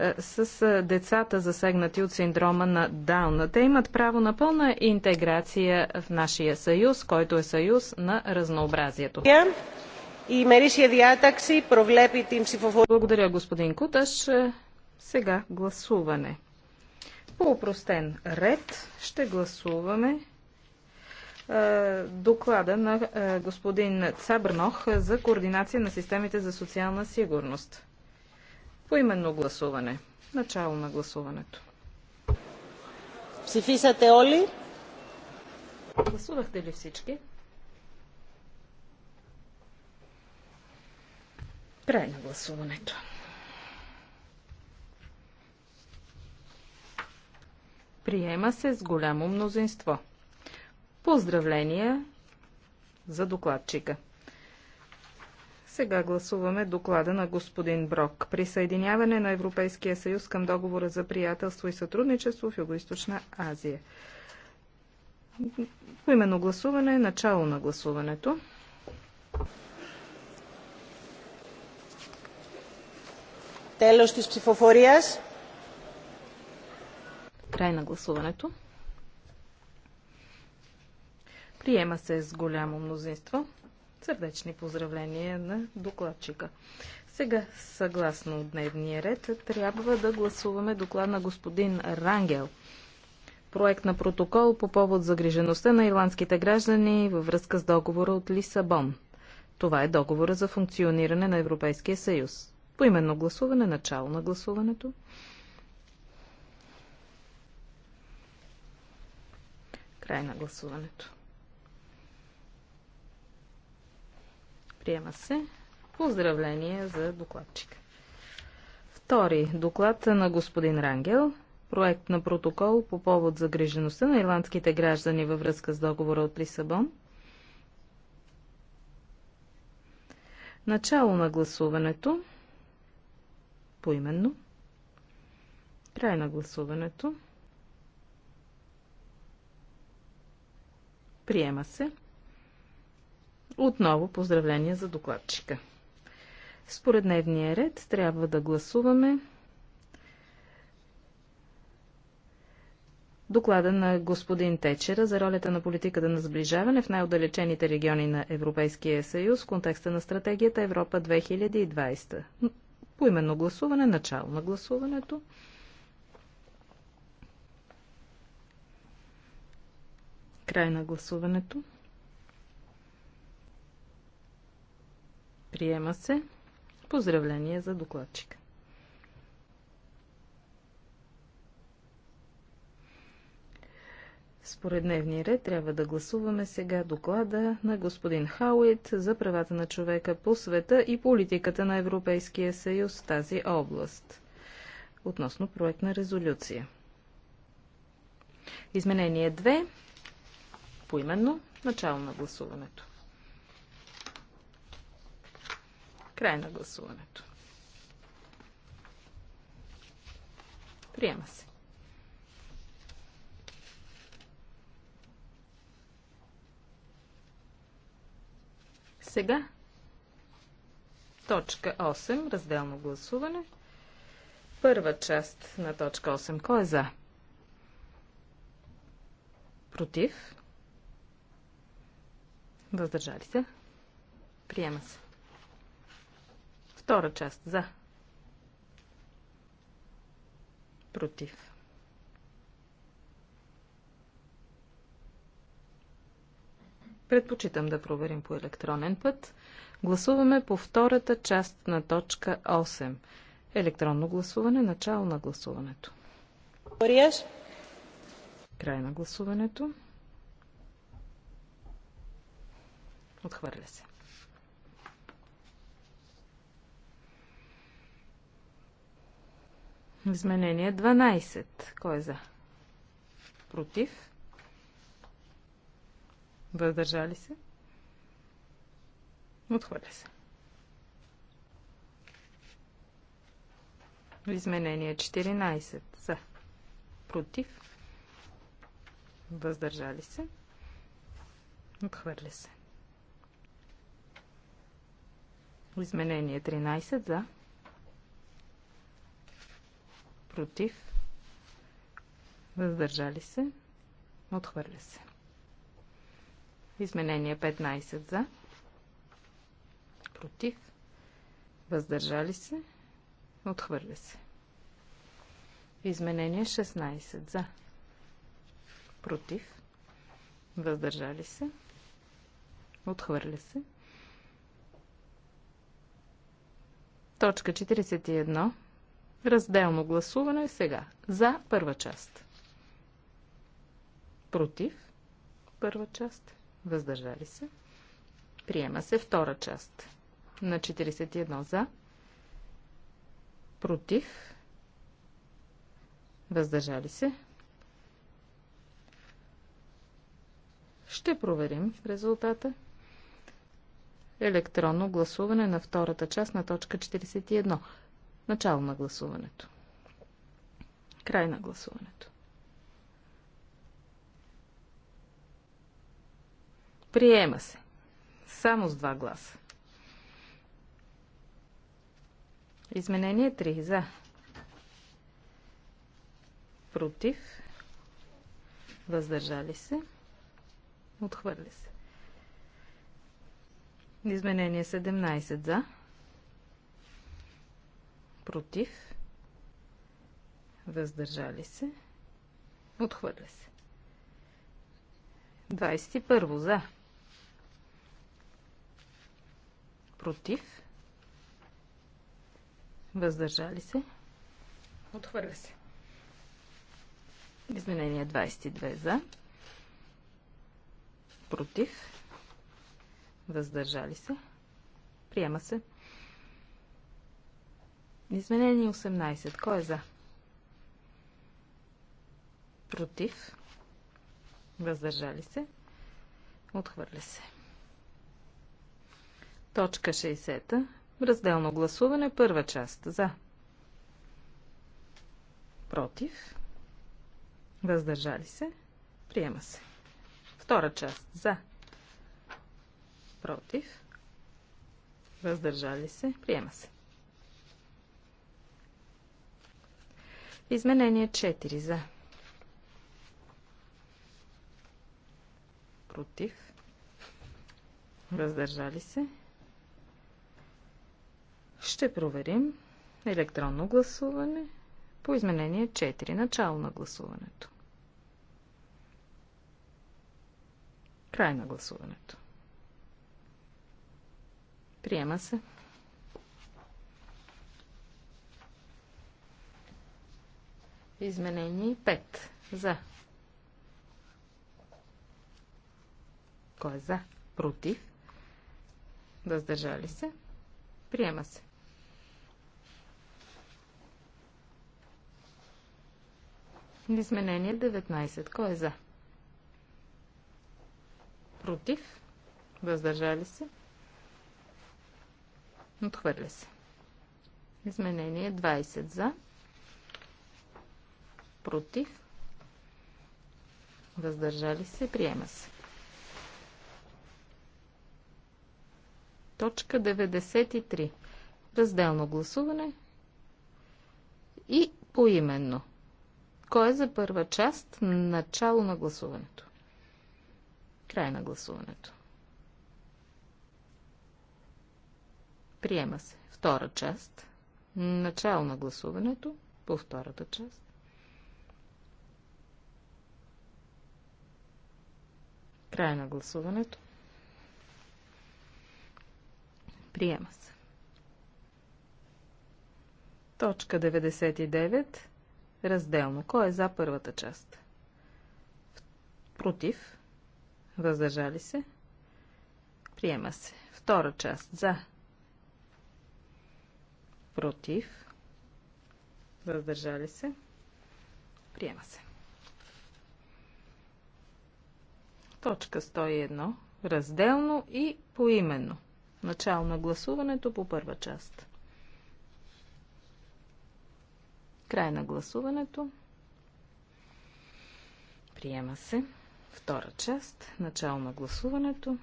Е, с е, децата засегнати от синдрома на Дауна. Те имат право на пълна интеграция в нашия съюз, който е съюз на разнообразието. Благодаря, господин Куташ. Сега гласуване. По упростен ред ще гласуваме е, доклада на господин Цабрнох за координация на системите за социална сигурност. Поименно гласуване. Начало на гласуването. Псифисате Оли. Гласувахте ли всички? Край на гласуването. Приема се с голямо мнозинство. Поздравления за докладчика. Сега гласуваме доклада на господин Брок. Присъединяване на Европейския съюз към договора за приятелство и сътрудничество в Юго-Источна Азия. Поименно гласуване, начало на гласуването. Телос της ψηφοφορίας. Край на гласуването. Приема се с голямо мнозинство. Сърдечни поздравления на докладчика. Сега, съгласно дневния ред, трябва да гласуваме доклад на господин Рангел. Проект на протокол по повод загрижеността на ирландските граждани във връзка с договора от Лисабон. Това е договора за функциониране на Европейския съюз. Поименно гласуване, начало на гласуването. Край на гласуването. Приема се. Поздравление за докладчика. Втори доклад на господин Рангел. Проект на протокол по повод загрижеността на ирландските граждани във връзка с договора от Лисабон. Начало на гласуването. Поименно. Край на гласуването. Приема се. Отново поздравления за докладчика. Според дневния ред трябва да гласуваме доклада на господин Течера за ролята на политиката на сближаване в най-отдалечените региони на Европейския съюз в контекста на стратегията Европа 2020. Поименно гласуване, начало на гласуването. Край на гласуването. Приема се. Поздравление за докладчика. Според дневния ред трябва да гласуваме сега доклада на господин Хауит за правата на човека по света и политиката на Европейския съюз в тази област относно проект на резолюция. Изменение 2. Поименно начало на гласуването. Край на гласуването. Приема се. Сега точка 8, разделно гласуване. Първа част на точка 8. Кой е за? Против? Въздържали се? Приема се. Втора част. За. Против. Предпочитам да проверим по електронен път. Гласуваме по втората част на точка 8. Електронно гласуване, начало на гласуването. Мариеш. Край на гласуването. Отхвърля се. Изменение 12. Кой е за? Против? Въздържали се? Отхвърля се. Изменение 14. За. Против? Въздържали се? Отхвърля се. Изменение 13. За против, въздържали се, отхвърля се. Изменение 15 за, против, въздържали се, отхвърля се. Изменение 16 за, против, въздържали се, отхвърля се. Точка 41 Разделно гласуване сега. За първа част. Против първа част. Въздържали се. Приема се втора част. На 41 за. Против. Въздържали се. Ще проверим резултата. Електронно гласуване на втората част на точка 41. Начало на гласуването. Край на гласуването. Приема се. Само с два гласа. Изменение 3. За. Против. Въздържали се. Отхвърли се. Изменение 17. За против, въздържали се, отхвърля се. 21 за, против, въздържали се, отхвърля се. Изменение 22 за, против, въздържали се, приема се. Изменение 18. Кой е за? Против. Въздържали се. Отхвърля се. Точка 60. Разделно гласуване. Първа част. За. Против. Въздържали се. Приема се. Втора част. За. Против. Въздържали се. Приема се. Изменение 4 за. Против. Въздържали се. Ще проверим електронно гласуване по изменение 4. Начало на гласуването. Край на гласуването. Приема се. Изменение 5. За. Кой е за? Против. Въздържали се. Приема се. Изменение 19. Кой е за? Против. Въздържали се. Отхвърля се. Изменение 20 за против, въздържали се, приема се. Точка 93. Разделно гласуване и поименно. Кой е за първа част? Начало на гласуването. Край на гласуването. Приема се. Втора част. Начало на гласуването по втората част. Край на гласуването. Приема се. Точка 99. Разделно. Кой е за първата част? Против. Въздържали се. Приема се. Втора част. За. Против. Въздържали се. Приема се. Точка 101. Разделно и поименно. Начало на гласуването по първа част. Край на гласуването. Приема се. Втора част. Начало на гласуването.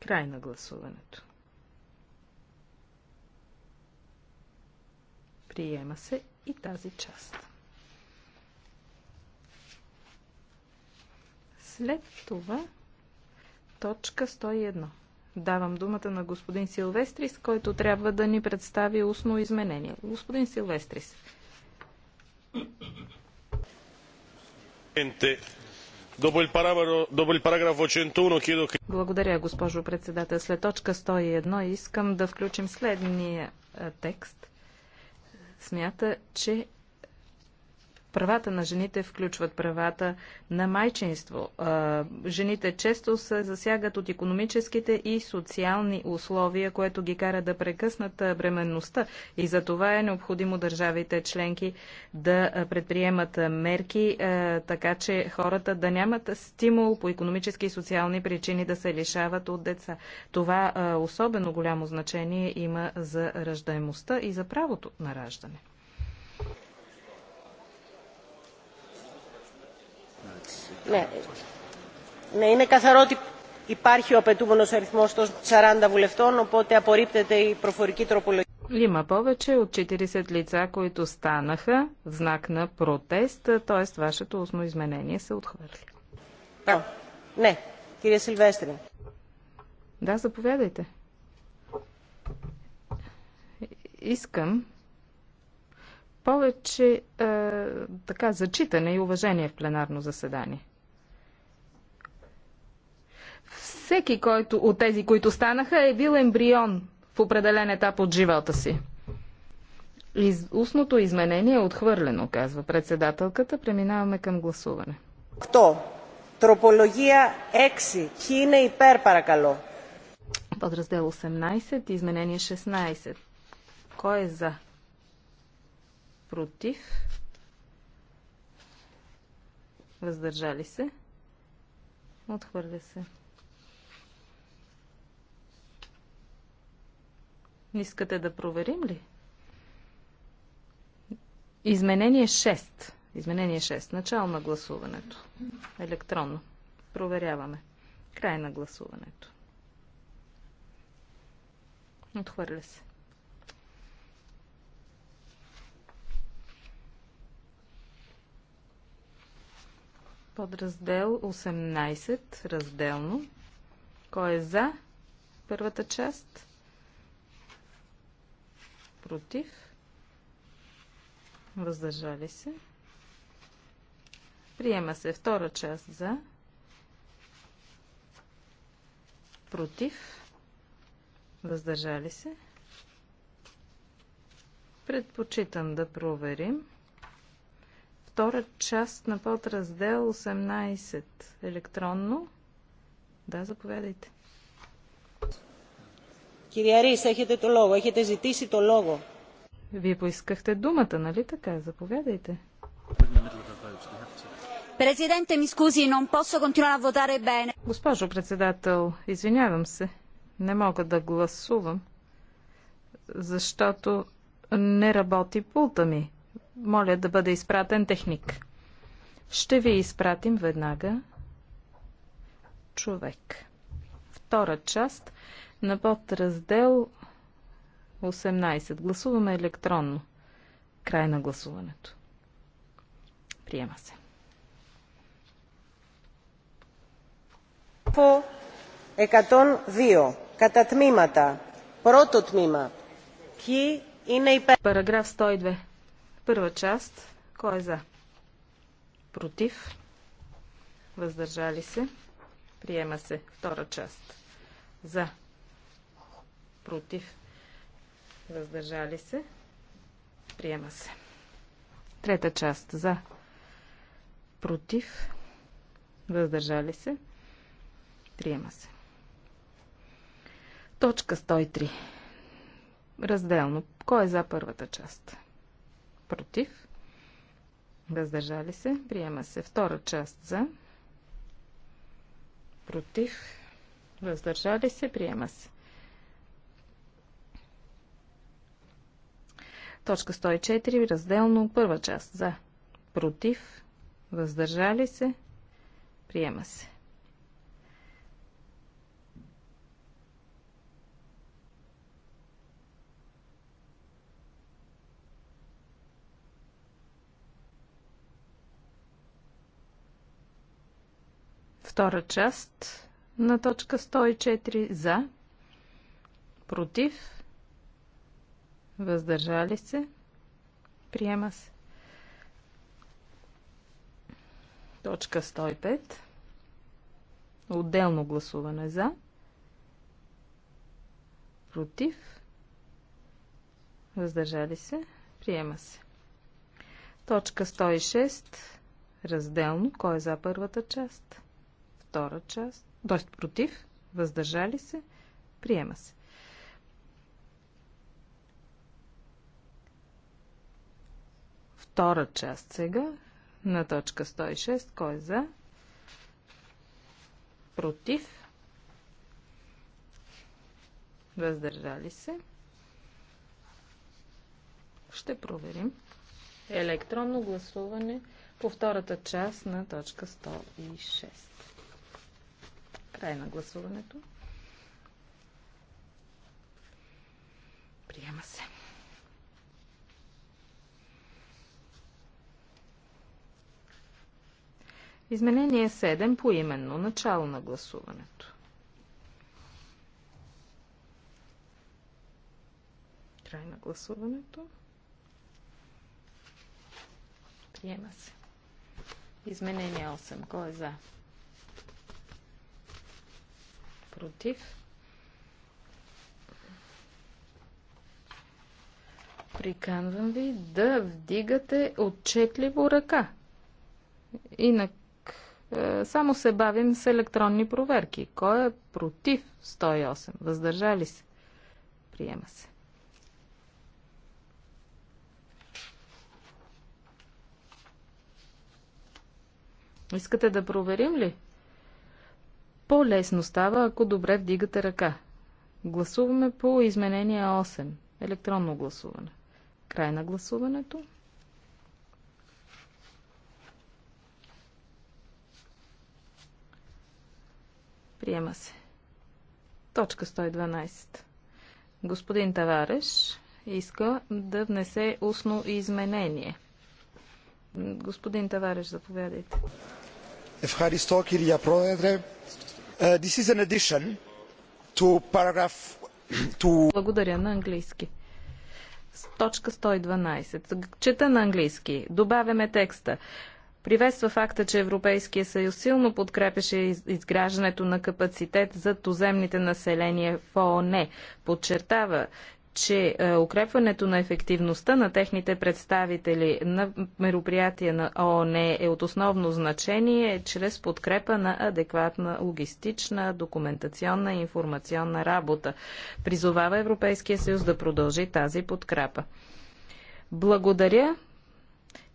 Край на гласуването. Приема се и тази част. След това точка 101. Давам думата на господин Силвестрис, който трябва да ни представи устно изменение. Господин Силвестрис. Благодаря, госпожо председател. След точка 101 искам да включим следния е, текст смята, че Правата на жените включват правата на майчинство. Жените често се засягат от економическите и социални условия, което ги кара да прекъснат бременността. И за това е необходимо държавите членки да предприемат мерки, така че хората да нямат стимул по економически и социални причини да се лишават от деца. Това особено голямо значение има за раждаемостта и за правото на раждане. Ναι, είναι καθαρό ότι υπάρχει ο απαιτούμενο αριθμό των 40 βουλευτών, οπότε απορρίπτεται η προφορική τροπολογία. Има повече от 40 лица, които станаха в знак на протест, т.е. вашето устно изменение се отхвърли. Да. не, кирия Силвестрин. Да, заповядайте. Искам повече е, така зачитане и уважение в пленарно заседание. Всеки който, от тези, които станаха, е бил ембрион в определен етап от живота си. Из, устното изменение е отхвърлено, казва председателката. Преминаваме към гласуване. Кто? Тропология 6. Ки и пер, паракало? Подраздел 18, изменение 16. Кой е за? против, въздържали се, отхвърля се. Искате да проверим ли? Изменение 6. Изменение 6. Начало на гласуването. Електронно. Проверяваме. Край на гласуването. Отхвърля се. Подраздел 18, разделно. Кой е за първата част? Против? Въздържали се? Приема се втора част за. Против? Въздържали се? Предпочитам да проверим втора част на подраздел 18 електронно. Да, заповядайте. Кириарис, Ρίς, έχετε το λόγο. Έχετε ζητήσει το λόγο. Вие поискахте думата, нали така? Заповядайте. Президенте, ми скузи, non posso continuare a votare bene. Госпожо председател, извинявам се. Не мога да гласувам, защото не работи пулта ми моля да бъде изпратен техник. Ще ви изпратим веднага човек. Втора част на подраздел 18. Гласуваме електронно. Край на гласуването. Приема се. По екатон Вио, кататмимата. Прототмима. τμήμα. Ποιοι είναι υπέρ. 102. Първа част. Кой е за? Против. Въздържали се. Приема се. Втора част. За. Против. Въздържали се. Приема се. Трета част. За. Против. Въздържали се. Приема се. Точка 103. Разделно. Кой е за първата част? Против. Въздържали се. Приема се. Втора част за. Против. Въздържали се. Приема се. Точка 104. Разделно. Първа част. За. Против. Въздържали се. Приема се. Втора част на точка 104 за, против, въздържали се, приема се. Точка 105. Отделно гласуване за, против, въздържали се, приема се. Точка 106. Разделно. Кой е за първата част? втора част, т.е. против, въздържали се, приема се. Втора част сега на точка 106. Кой е за? Против. Въздържали се. Ще проверим. Електронно гласуване по втората част на точка 106. Край на гласуването. Приема се. Изменение 7 по именно начало на гласуването. Край на гласуването. Приема се. Изменение 8. Кой е за? против. Приканвам ви да вдигате отчетливо ръка. Инак е, само се бавим с електронни проверки. Кой е против 108? Въздържали се? Приема се. Искате да проверим ли? По-лесно става, ако добре вдигате ръка. Гласуваме по изменение 8. Електронно гласуване. Край на гласуването. Приема се. Точка 112. Господин Тавареш иска да внесе устно изменение. Господин Тавареш, заповядайте. Евхаристо, Кирия Πρόεδρε. Uh, this is an addition to paragraph to... Благодаря на английски. Точка 112. Чета на английски. Добавяме текста. Приветства факта, че Европейския съюз силно подкрепеше изграждането на капацитет за туземните населения в ООН. Подчертава, че е, укрепването на ефективността на техните представители на мероприятия на ООН е от основно значение чрез подкрепа на адекватна логистична, документационна и информационна работа. Призовава Европейския съюз да продължи тази подкрепа. Благодаря.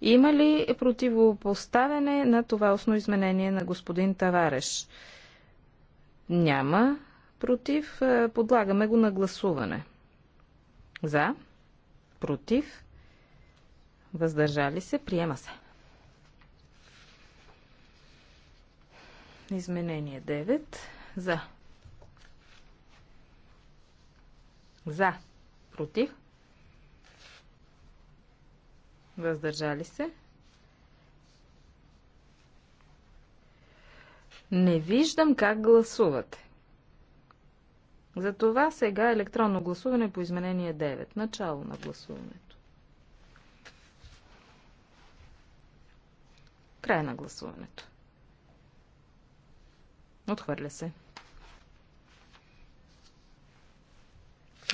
Има ли противопоставяне на това основно изменение на господин Тавареш? Няма. Против. Е, подлагаме го на гласуване. За. Против. Въздържали се. Приема се. Изменение 9. За. За. Против. Въздържали се. Не виждам как гласувате. Затова сега електронно гласуване по изменение 9. Начало на гласуването. Край на гласуването. Отхвърля се.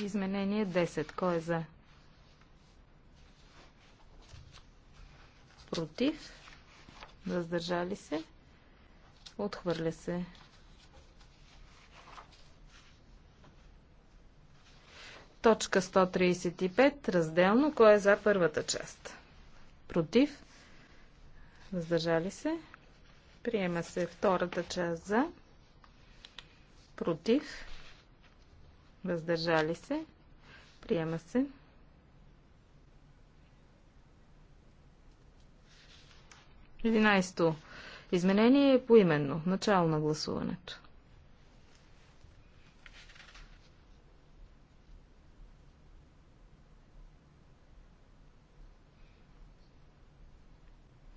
Изменение 10. Кой е за? Против? Въздържали се? Отхвърля се. Точка 135, разделно, кой е за първата част? Против? Въздържали се? Приема се втората част за. Против? Въздържали се? Приема се. Единайсто. Изменение е поименно. Начало на гласуването.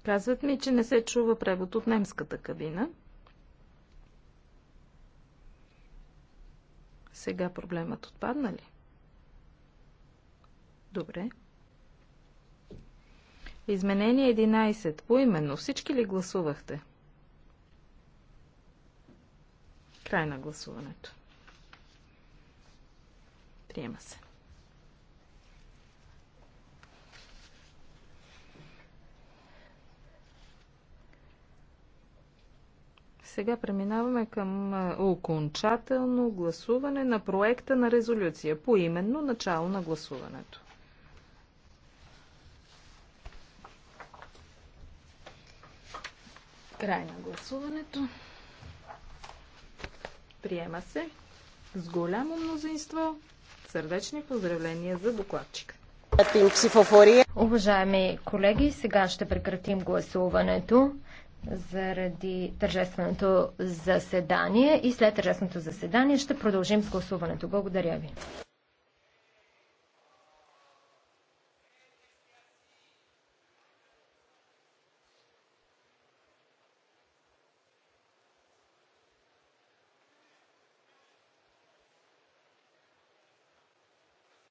Казват ми, че не се чува превод от немската кабина. Сега проблемът отпадна ли? Добре. Изменение 11. Поименно. Всички ли гласувахте? Край на гласуването. Приема се. Сега преминаваме към окончателно гласуване на проекта на резолюция, по именно начало на гласуването. Край на гласуването. Приема се с голямо мнозинство. Сърдечни поздравления за докладчика. Уважаеми колеги, сега ще прекратим гласуването заради тържественото заседание и след тържественото заседание ще продължим с гласуването. Благодаря ви.